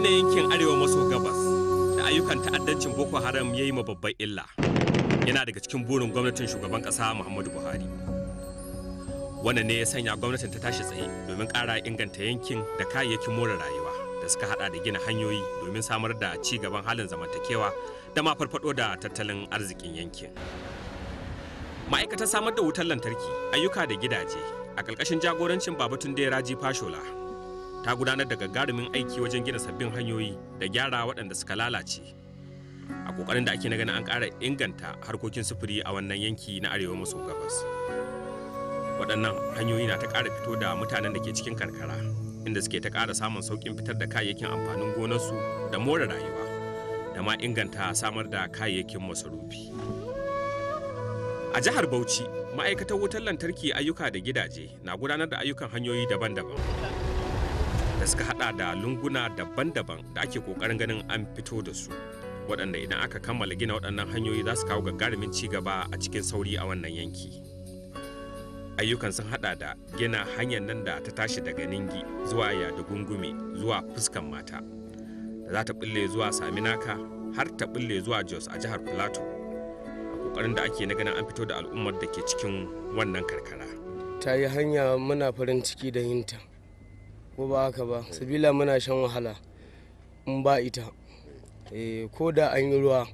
na yankin arewa maso gabas da ayyukan ta'addancin boko haram ya yi ma babban illa yana daga cikin burin gwamnatin shugaban Kasa muhammadu buhari wannan ne ya sanya gwamnatin ta tashi tsaye domin kara inganta yankin da kayayyakin more rayuwa da suka hada da gina hanyoyi domin samar da ci gaban halin zamantakewa da ma farfado da tattalin arzikin yankin ma'aikatar samar da wutar lantarki ayyuka da gidaje a ƙarƙashin jagorancin babatun dera raji fashola ta gudanar da gagarumin aiki wajen gina sabbin hanyoyi da gyara waɗanda suka lalace a kokarin da ake na ganin an ƙara inganta harkokin sufuri a wannan yanki na arewa maso gabas waɗannan hanyoyi na ta ƙara fito da mutanen da ke cikin karkara inda suke ta ƙara samun sauƙin fitar da kayayyakin amfanin gonarsu da more rayuwa da ma inganta samar da kayayyakin masarufi a jihar bauchi ma'aikatar wutar lantarki ayyuka da gidaje na gudanar da ayyukan hanyoyi daban-daban da suka hada da lunguna daban-daban da ake kokarin ganin an fito da su waɗanda idan aka kammala gina waɗannan hanyoyi za su kawo gagarumin ci gaba a cikin sauri a wannan yanki ayyukan sun hada da gina hanyar nan da ta tashi daga ningi zuwa yada gungume zuwa fuskan mata da za ta bulle zuwa saminaka har ta bulle zuwa jos a jihar plateau a kokarin da ake na ganin an fito da al'ummar da ke cikin wannan karkara ta yi hanya muna farin ciki da yinta ko ba haka ba sabila muna shan wahala in ba ita eh, ko da an yi ruwa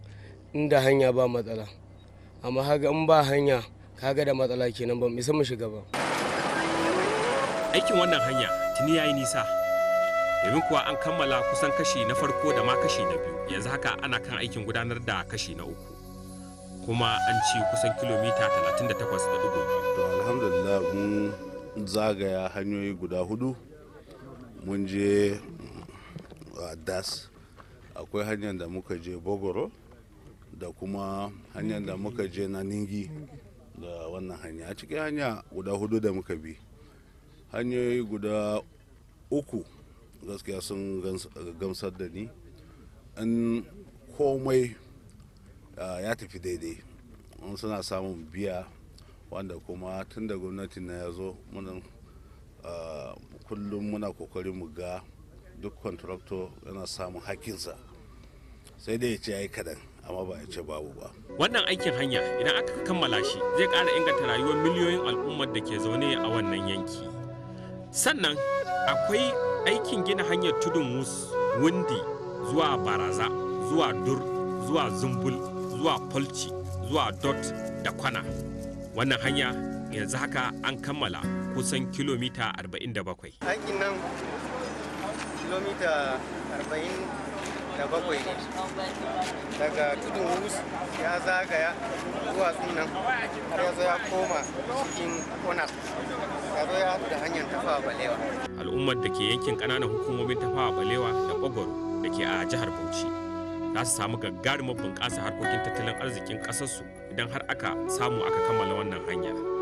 inda hanya ba matsala amma haga in ba hanya kaga da matsala kenan ba mu isa mu shiga ba aikin wannan hanya tuni yayi nisa domin kuwa an kammala kusan kashi na farko da ma kashi na biyu yanzu haka ana kan aikin gudanar da kashi na uku kuma an ci kusan kilomita 38.2 alhamdulillah mun zagaya hanyoyi guda hudu mun je mm, das akwai hanyar da muka je bogoro da kuma hanyar da muka je na ningi da wannan hanya a cikin hanya guda hudu da muka bi hanyoyi guda uku gaskiya sun gamsar da ni in komai ya tafi daidai suna samun biya wanda kuma tun da gwamnati na ya zo Eh, kullum muna kokari mu ga duk kontrakto yana samun hakinsa sai dai ya ce ya kadan amma ba ya ce babu ba wannan aikin hanya idan aka kammala shi zai kara inganta rayuwar miliyoyin al'ummar da ke zaune a wannan yanki sannan akwai aikin gina hanyar tudun mus wundi zuwa baraza zuwa dur zuwa zumbul zuwa polci zuwa dot da kwana wannan hanya yanzu haka an kammala kusan kilomita 47 aikin nan kilomita 47 ne daga tudun wus ya zagaya zuwa nan har ya ya koma cikin onas ya zo ya da hanyar tafawa balewa al'ummar da ke yankin ƙananan hukumomin tafawa balewa da ogoro da ke a jihar bauchi za su samu gagarumar bunƙasa harkokin tattalin arzikin ƙasarsu idan har aka samu aka kammala wannan hanya.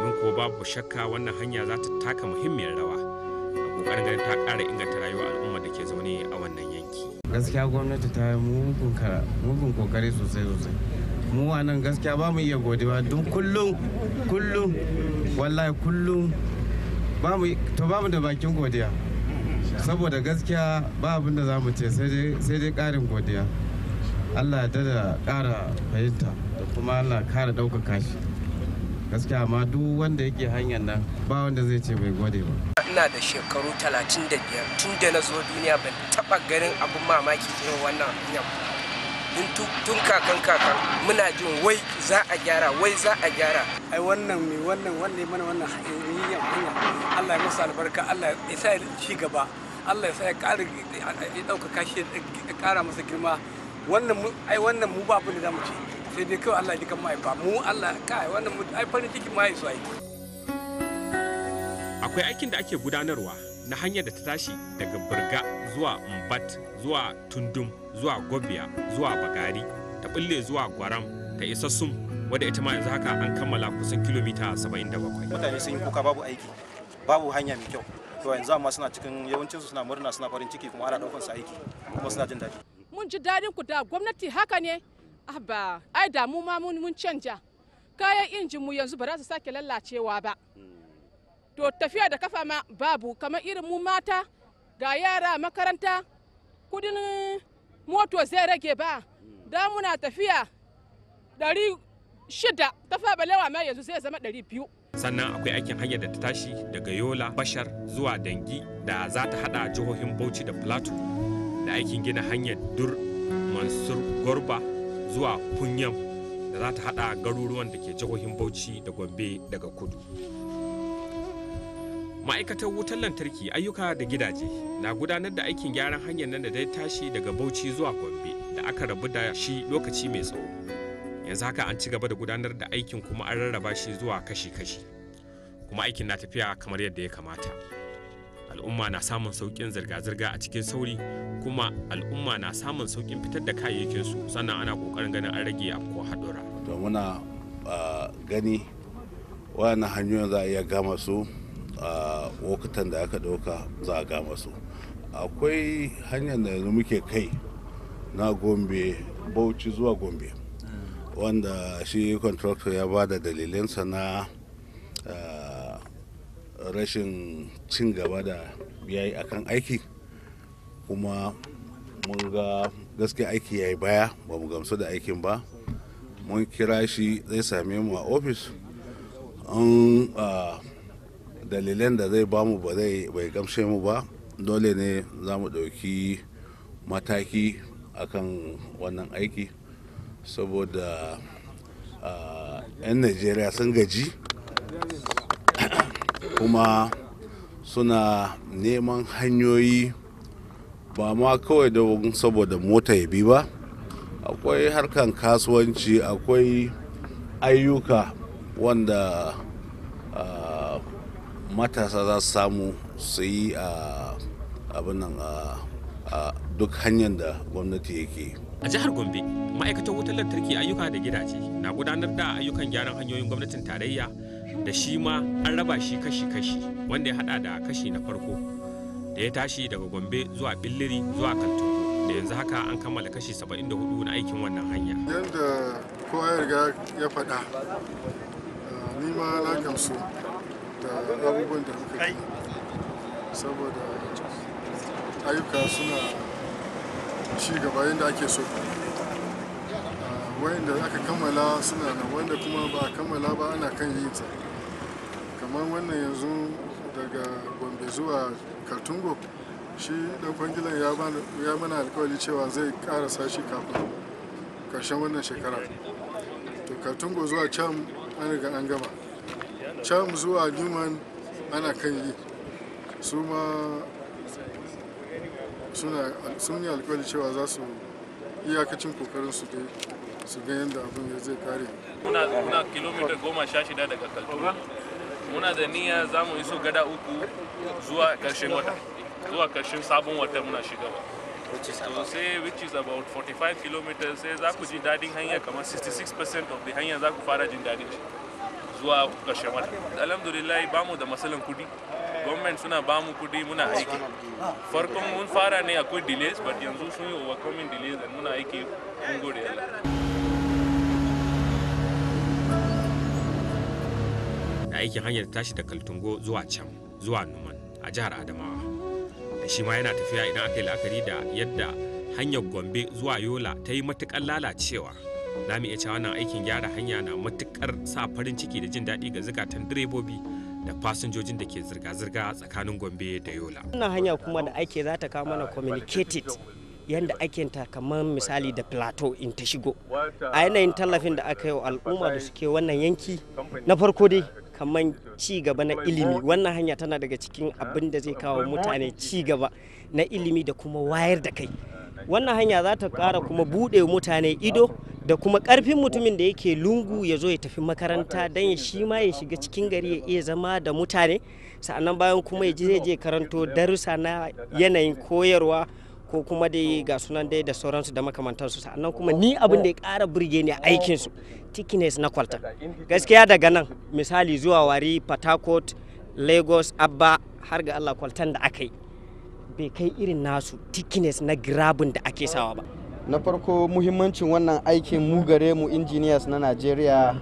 domin ko babu shakka wannan hanya za ta taka muhimmiyar rawa a kokarin ganin ta kara inganta rayuwar al'umma da ke zaune a wannan yanki gaskiya gwamnati ta yi mugun kokari sosai sosai mu a nan gaskiya ba mu iya godewa duk kullum kullum wallahi kullum ba mu to ba mu da bakin godiya saboda gaskiya ba abin da za mu ce sai dai karin godiya allah ya da kara fahimta da kuma allah kara ɗaukaka shi gaskiya amma duk wanda yake hanyar nan ba wanda zai ce bai gode ba ina da shekaru 35 tun da na zo duniya ban taba ganin abin mamaki irin wannan hanyar tun kakan kakan muna jin wai za a gyara wai za a gyara ai wannan mai wannan wannan mana wannan hanyar hanya Allah ya masa albarka Allah ya sa shi gaba Allah ya sa ya ƙara ya ɗaukaka kashi ya ƙara masa girma wannan ai wannan mu ba abin da za mu ce sai dai kawai Allah ya kan mahaifa mu Allah kai wannan ai farin cikin su aiki. Akwai aikin da ake gudanarwa na hanyar da ta tashi daga Birga zuwa Mbat zuwa Tundum zuwa Gobiya zuwa Bagari ta bulle zuwa Gwaram ta isa Sum wadda ita ma yanzu haka an kammala kusan kilomita 77. Mutane sun yi kuka babu aiki babu hanya mai kyau. To yanzu amma suna cikin yawancinsu suna murna suna farin ciki kuma ana daukan su aiki kuma suna jin daɗi. Mun ji daɗin ku da gwamnati haka ne ba ai da mu ma mun canja. Kayan injin mu yanzu ba za su sake lallacewa ba. To tafiya da kafa ma babu kamar irin mu mata ga yara makaranta kudin moto zai rage ba. Da muna tafiya ɗari shida ta fabalewa ma yanzu zai zama ɗari biyu. sannan akwai aikin hanyar da ta tashi daga yola bashar zuwa dangi da za ta hada jihohin bauchi da plateau da aikin gina hanyar dur mansur gorba zuwa kunyam da za ta hada garuruwan da ke jihohin bauchi da gombe daga kudu ma'aikatar wutar lantarki ayyuka da gidaje na gudanar da aikin gyaran hanyar nan da ta tashi daga bauchi zuwa gombe da aka rabu da shi lokaci mai tsawo yanzu haka an ci gaba da gudanar da aikin kuma an rarraba shi zuwa kashi-kashi kuma aikin na tafiya kamar yadda ya kamata. al'umma na samun sauƙin zirga-zirga a cikin sauri kuma al'umma na samun sauƙin fitar da kayayyakinsu sannan ana ƙoƙarin ganin an rage afkuwa haɗura. to muna gani wayannan hanyoyin za a iya gama su a lokutan da aka ɗauka za a gama su akwai hanyar da yanzu muke kai na gombe bauchi zuwa gombe wanda shi contractor ya ba da dalilinsa na rashin cin gaba da ya yi akan aiki kuma mun ga gaske aiki ya yi baya ba mu gamsu da aikin ba mun kira shi zai same mu a ofis an dalilan da zai bamu ba zai bai gamshe mu ba dole ne za mu ɗauki mataki akan wannan aiki saboda 'yan najeriya sun gaji kuma suna neman hanyoyi ba ma kawai da saboda mota ya bi ba akwai harkan kasuwanci akwai ayyuka wanda uh, matasa za su samu su yi a abinan a duk hanyar da gwamnati yake a jihar gombe ma'aikatar wutar lantarki ayyuka da gidaje na gudanar da ayyukan gyaran hanyoyin gwamnatin tarayya da shi ma an raba shi kashi-kashi wanda ya hada da kashi na farko da ya tashi daga gombe zuwa billiri zuwa kaltungo da yanzu haka an kammala kashi 74 na aikin wannan hanya yadda kowa ya riga ya faɗa eh, ni ma na gamsu da abubuwan da muka yi saboda ayyuka suna ci gaba yadda ake so wanda aka kammala suna nan wanda kuma ba a kammala ba ana kan yin ta kamar wannan yanzu daga gombe zuwa katungo shi dan kwangilan ya mana alkawari cewa zai ƙara sashi kafin karshen wannan shekara to katungo zuwa cham an riga an gama cham zuwa newman ana kan yi su ma sun yi alkawari cewa za su iyakacin kokarin su dai su ga yadda abin ya zai kare muna kilomita goma sha shida daga kaltura muna da niyya za mu iso gada uku zuwa karshen wata zuwa karshen sabon wata muna shigawa to say which is about 45 kilometers sai za ku ji dadin hanya kamar 66% of the hanya za ku fara jin dadin shi zuwa karshen wata alhamdulillah ba mu da masalan kudi gwamnati suna ba mu kudi muna aiki farkon mun fara ne akwai delays but yanzu sun yi overcoming delays muna aiki mun gode Allah aikin hanyar tashi da kaltungo zuwa can zuwa numan a jihar adamawa da shi ma yana tafiya idan aka yi la'akari da yadda hanyar gombe zuwa yola ta yi matukar lalacewa na mu iya cewa wannan aikin gyara hanya na matukar sa farin ciki da jin daɗi ga zukatan direbobi da fasinjojin da ke zirga-zirga tsakanin gombe da yola wannan hanya kuma da ake za ta kawo mana communicated yadda ake ta kamar misali da plateau in ta shigo a yanayin tallafin da aka yi wa al'umma da suke wannan yanki na farko dai kamar ci gaba na ilimi wannan hanya tana daga cikin eh? abin da zai kawo mutane ci gaba na ilimi da kuma wayar da kai eh, wannan hanya za ta kara kuma bude mutane ido da kuma karfin mutumin da yake lungu ya zo ya tafi makaranta don ya shi ma ya shiga cikin gari ya iya zama da mutane sa'annan bayan kuma ya je karanto darussa na yanayin koyarwa ko kuma dai ga sunan dai da sauransu da makamantansu sannan kuma ni abin da ya kara eh. birge ne a aikinsu tikines na kwalta gaskiya daga nan misali zuwa wari patakot lagos abba har ga allah kwaltan da aka yi bai kai irin nasu tikines na grabin da ake sawa ba na farko muhimmancin wannan aikin mu gare mu engineers na nigeria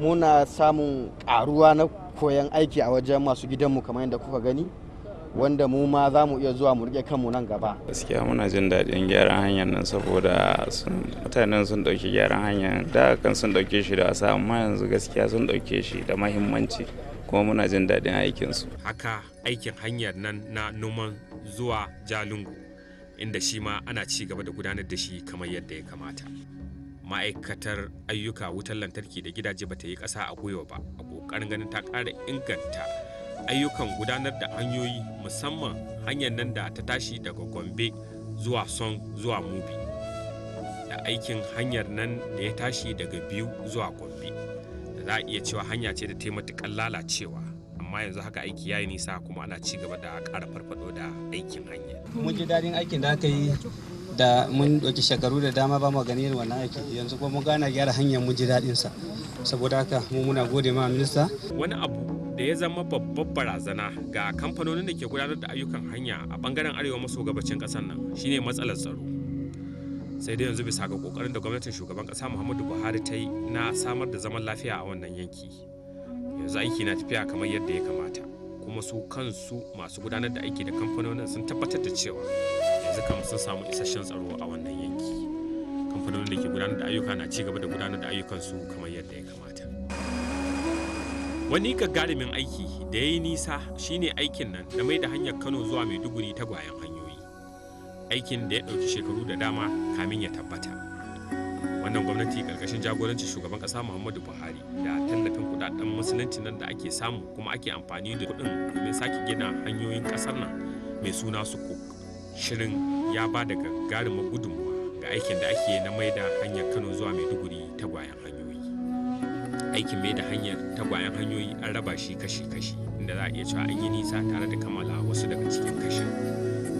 muna samun karuwa na koyon aiki a wajen masu gidanmu kamar yadda kuka gani wanda mu ma za mu iya zuwa mu rike kanmu nan gaba gaskiya muna jin daɗin gyaran hanyar nan saboda mutanen sun ɗauki gyaran hanyar da kan sun ɗauke shi da wasa amma yanzu gaskiya sun ɗauke shi da mahimmanci kuma muna jin daɗin aikinsu haka aikin hanyar nan na noman zuwa jalungu inda shi ma ana ci gaba da gudanar da shi kamar yadda ya kamata ma'aikatar ayyuka wutar lantarki da gidaje bata yi ƙasa a gwiwa ba a ƙoƙarin ganin ta ƙara inganta ayyukan gudanar da hanyoyi musamman hanyar nan da ta tashi daga gombe zuwa son zuwa mubi da aikin hanyar nan da ya tashi daga biyu zuwa gombe da za a iya cewa hanya ce da ta matuƙar lalacewa amma yanzu haka aiki ya yi nisa kuma ana ci gaba da ƙara farfado da aikin hanya mun ji daɗin aikin da aka yi da mun ɗauki shekaru da dama ba mu gani wannan aiki yanzu kuma mun gana gyara hanyar mun ji daɗin sa saboda haka mu muna gode ma minista wani abu da ya zama babbar barazana ga kamfanonin da ke gudanar da ayyukan hanya a bangaren arewa maso gabacin kasar nan shine matsalar tsaro sai dai yanzu bisa ga kokarin da gwamnatin shugaban kasa muhammadu buhari ta yi na samar da zaman lafiya a wannan yanki yanzu aiki na tafiya kamar yadda ya kamata kuma su kansu masu gudanar da aiki da kamfanonin sun tabbatar da cewa yanzu kam sun samu isasshen tsaro a wannan yanki kamfanonin da ke gudanar da ayyuka na ci gaba da gudanar da ayyukansu kamar wani gagarumin aiki da ya yi nisa shine aikin nan da mai da hanyar kano zuwa maiduguri ta gwayan hanyoyi aikin da ya ɗauki shekaru da dama kamin ya tabbata wannan gwamnati karkashin jagorancin shugaban ƙasa muhammadu buhari da tallafin kudaden musulunci nan da ake samu kuma ake amfani da kuɗin domin sake gina hanyoyin ƙasar nan mai suna sukuk shirin ya ba da gagarumin gudunmawa ga aikin da ake na mai da hanyar kano zuwa maiduguri ta gwayan hanyoyi aikin mai da hanyar tagwayen hanyoyi an raba shi kashi-kashi inda za a iya cewa an yi nisa tare da kammala wasu daga cikin kashin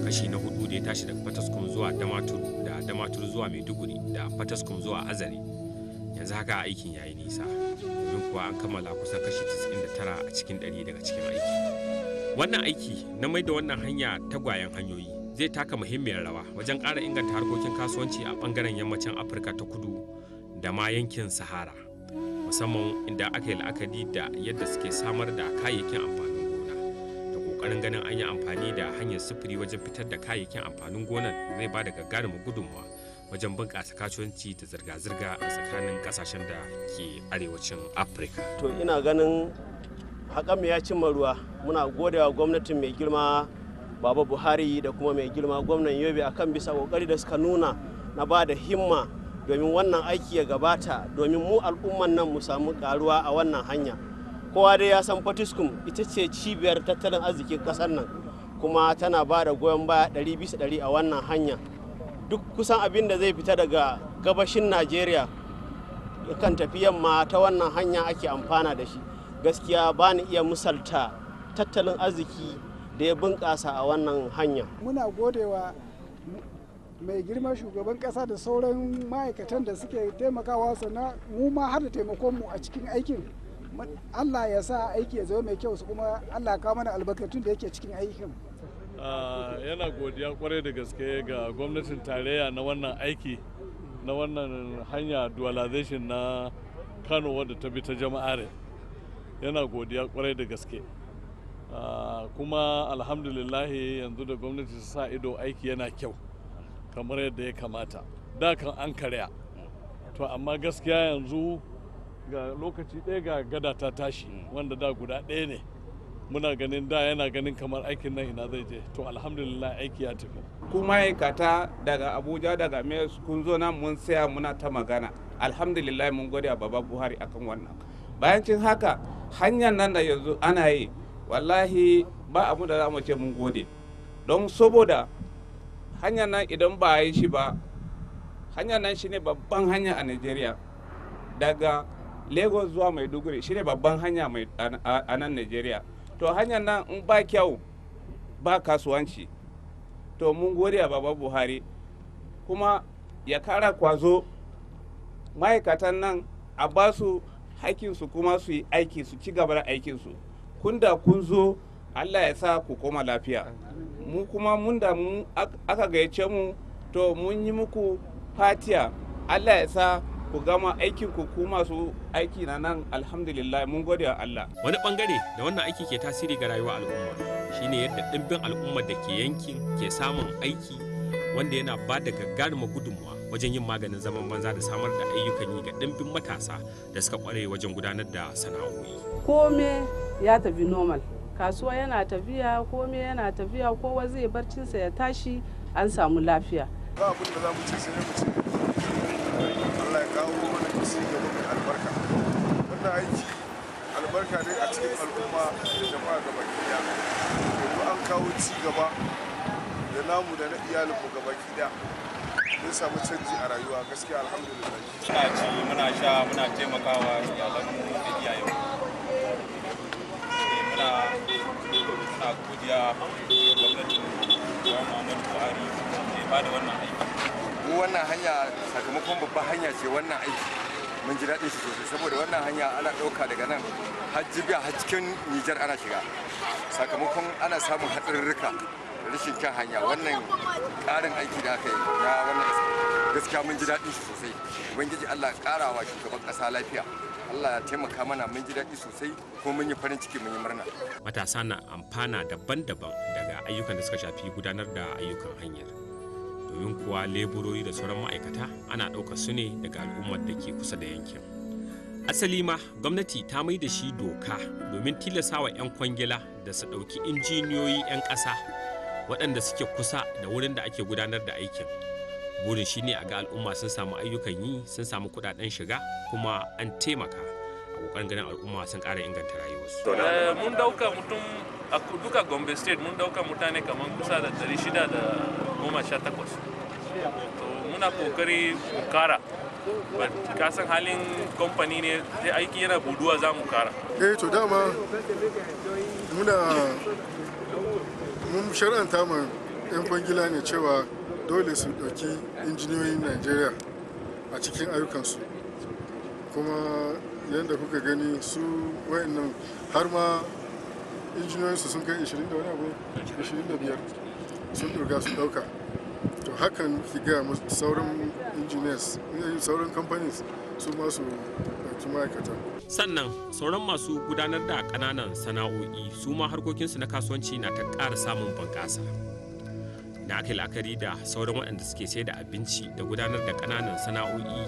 kashi na hudu da ya tashi daga fataskum zuwa damatur da damatur zuwa maiduguri da fataskum zuwa azare yanzu haka aikin ya yi nisa domin kuwa an kammala kusan kashi 99 a cikin 100 daga cikin aiki wannan aiki na mai da wannan hanya tagwayen hanyoyi zai taka muhimmiyar rawa wajen ƙara inganta harkokin kasuwanci a ɓangaren yammacin afirka ta kudu da ma yankin sahara musamman inda aka yi la'akari da yadda suke samar da kayayyakin amfanin gona da kokarin ganin an yi amfani da hanyar sufuri wajen fitar da kayayyakin amfanin gonan zai ba da gagarumin gudunmawa wajen bunƙasa kasuwanci ta zirga-zirga a tsakanin ƙasashen da ke arewacin afirka to ina ganin haƙa ya cimma ruwa muna godewa gwamnatin mai girma baba buhari da kuma mai girma gwamnan yobe akan bisa ƙoƙari da suka nuna na ba da himma domin wannan aiki ya gabata domin mu al'umman nan mu samu karuwa a wannan hanya kowa dai ya san fatiskum ita ce cibiyar tattalin arzikin kasar nan kuma tana ba da goyon baya ɗari bisa ɗari a wannan hanya duk kusan abin da zai fita daga gabashin najeriya kan tafi yamma ta wannan hanya ake amfana da shi gaskiya ba ni iya misalta tattalin arziki da ya bunƙasa a wannan hanya muna godewa mai girma shugaban kasa da sauran ma'aikatan da suke taimakawa sannan mu ma har da taimakon mu a cikin aikin allah ya sa aiki ya zama mai kyau su kuma allah kawo mana albarkatun da yake cikin aikin ah, yana godiya kwarai da gaske ga gwamnatin tarayya na wannan aiki na wannan hanya dualization na kano wadda ta bi ta jama'are yana godiya kwarai da gaske ah, kuma alhamdulillahi yanzu da gwamnati ta sa ido aiki yana kyau kamar yadda ya kamata da kan an karya to amma gaskiya yanzu ga lokaci ɗaya ga gada ta tashi wanda da guda ɗaya ne muna ganin da yana ganin kamar aikin nan ina zai je to alhamdulillah aiki ya tafi ku ma'aikata daga abuja daga mai kun zo nan mun saya muna ta magana alhamdulillah mun gode a baba buhari akan wannan bayan cin haka hanyar nan da yanzu ana yi wallahi ba abu da za mu ce mun gode don saboda hanyar nan idan ba a yi shi ba hanyar nan shine babban hanya a nigeria daga lagos zuwa maiduguri shine babban hanya a nan nigeria to hanyar nan in ba kyau ba kasuwanci to mun gode a baba buhari kuma ya kara kwazo ma'aikatan nan a ba su hakinsu kuma su yi aiki su ci gaba da aikinsu kun da kun zo allah ya sa ku koma lafiya mu kuma mun da mu aka gayyace mu to mun yi muku fatiya allah ya sa ku gama aikin ku ku masu aiki na nan alhamdulillah mun gode wa Allah. Wani bangare da wannan aiki ke tasiri ga rayuwar al'umma shine yadda ɗimbin al'umma da ke yankin ke samun aiki wanda yana ba da gagarumar gudunmuwa wajen yin maganin zaman banza da samar da ayyukan yi ga ɗimbin matasa da suka kware wajen gudanar da sana'o'i. Kome ya tafi normal. kasuwa yana tafiya ko me yana tafiya kowa zai barcinsa ya tashi an samu lafiya ba abin da za mu ce sai mu ce Allah ya kawo mana kisi ga mai albarka wannan aiki albarka ne a cikin al'umma da jama'a gaba ɗaya yanzu an kawo ci gaba da namu da na iyalinmu gaba ɗaya mun samu canji a rayuwa gaskiya alhamdulillah muna ci muna sha muna taimakawa iyalanmu da iyayenmu muna godiya gwamnatin Buhari da ba da wannan aiki. wannan hanya sakamakon babban hanya ce wannan aiki mun ji daɗin shi sosai saboda wannan hanya ana ɗauka daga nan hajji biya hajjikin Nijar ana shiga sakamakon ana samun hatsarurruka rashin kyan hanya wannan ƙarin aiki da aka yi na wannan gaskiya mun ji daɗin shi sosai ubangiji Allah ƙara wa shugaban ƙasa lafiya Allah ya taimaka mana mun ji daɗi sosai ko mun yi farin ciki mun yi murna. Matasa na amfana daban-daban daga ayyukan da suka shafi gudanar da ayyukan hanyar. Domin kuwa leburori da sauran ma'aikata ana ɗaukar su ne daga al'ummar da ke kusa da yankin. Asali ma gwamnati ta mai da shi doka domin wa 'yan kwangila da su ɗauki injiniyoyi 'yan ƙasa waɗanda suke kusa da wurin da ake gudanar da aikin. burin shi ne a ga al'umma sun samu ayyukan yi sun samu kudaden shiga kuma an taimaka a kokarin ganin al'umma sun ƙara inganta rayuwarsu. Eh, mun dauka mutum a duka gombe state mun dauka mutane kamar kusa da dari shida da goma sha takwas to muna kokari mu kara ka san halin kamfani ne sai aiki yana buduwa za mu kara eh to dama muna mun shar'anta ma yan kwangila ne cewa dole su ɗauki injiniyoyin najeriya a cikin ayyukansu kuma yadda kuka gani su wayannan har ma injiniyoyinsu sun kai 20 da wani abu 25 sun ɗurga su ɗauka to hakan ki ga sauran engineers sauran companies su masu ɗauki ma'aikata sannan sauran masu gudanar da ƙananan sana'o'i su ma harkokinsu na kasuwanci na ta ƙara samun bunƙasa. na aka la'akari da sauran waɗanda suke sai da abinci da gudanar da ƙananan sana'o'i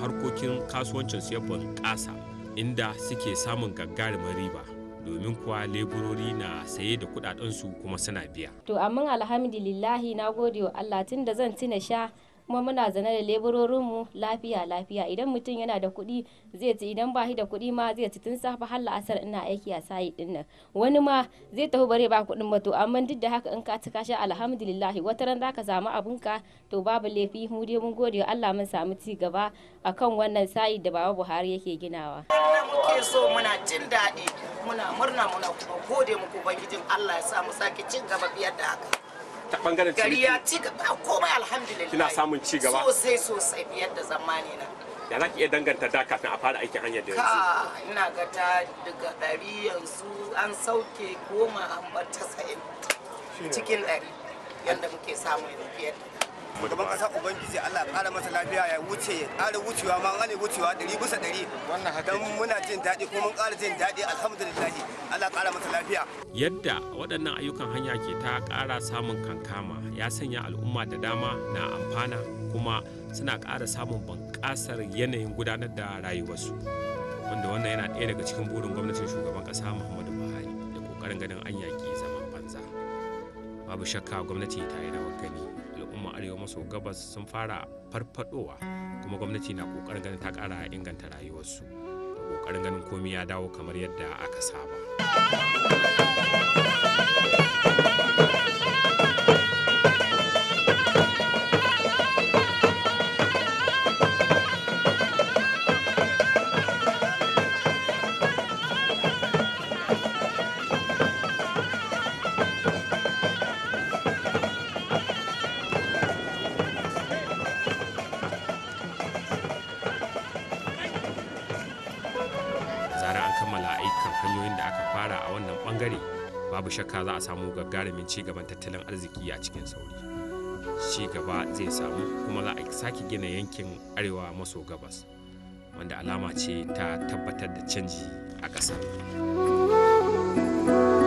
harkokin kasuwancin su ya bunƙasa inda suke samun gagarumin riba domin kuwa leburori na saye da kuɗaɗensu kuma suna biya. To amma alhamdulillahi na gode wa Allah tun da zan tuna sha kuma muna zane da leburorinmu lafiya lafiya idan mutum yana da kuɗi zai ci idan ba shi da kuɗi ma zai ci tun safe har la'asar ina aiki a sayi din nan wani ma zai tafi bare ba kuɗin ba to amma duk da haka in ka ci kashi alhamdulillah wata ran zaka samu ka to babu laifi mu dai mun gode Allah mun samu ci gaba akan wannan sayi da baba Buhari yake ginawa. muke so muna jin daɗi muna murna muna kuma gode muku ubangijin Allah ya sa mu sake cin gaba biyar da haka. ta bangaren ciniki gari ya ci gaba komai alhamdulillah kina samun ci gaba sosai sosai biyar da zamani na ya za ki iya danganta da kafin a fara aikin hanyar da yanzu ina ga ta daga ɗari yanzu an sauke goma an bar cikin ɗari yadda muke samun biyar da kuma kasa ubangiji Allah ƙara masa lafiya ya wuce ya kara wucewa ma ne wucewa ɗari bisa ɗari don muna jin daɗi kuma mun ƙara jin daɗi alhamdulillah Allah ƙara masa lafiya. Yadda waɗannan ayyukan hanya ke ta ƙara samun kankama ya sanya al'umma da dama na amfana kuma suna ƙara samun bunƙasar yanayin gudanar da rayuwarsu wanda wannan yana ɗaya daga cikin burin gwamnatin shugaban ƙasa Muhammadu Buhari da ƙoƙarin ganin an yaƙi zaman banza. Babu shakka gwamnati ta yi rawar gani al'umma arewa maso gabas sun fara farfadowa kuma gwamnati na kokarin ganin ta kara inganta rayuwarsu da kokarin ganin komi ya dawo kamar yadda aka saba. a wannan bangare babu shakka za a samu gagarumin ci gaban tattalin arziki a cikin sauri ci gaba zai samu kuma za a sake gina yankin arewa maso gabas wanda alama ce ta tabbatar da canji a ƙasar.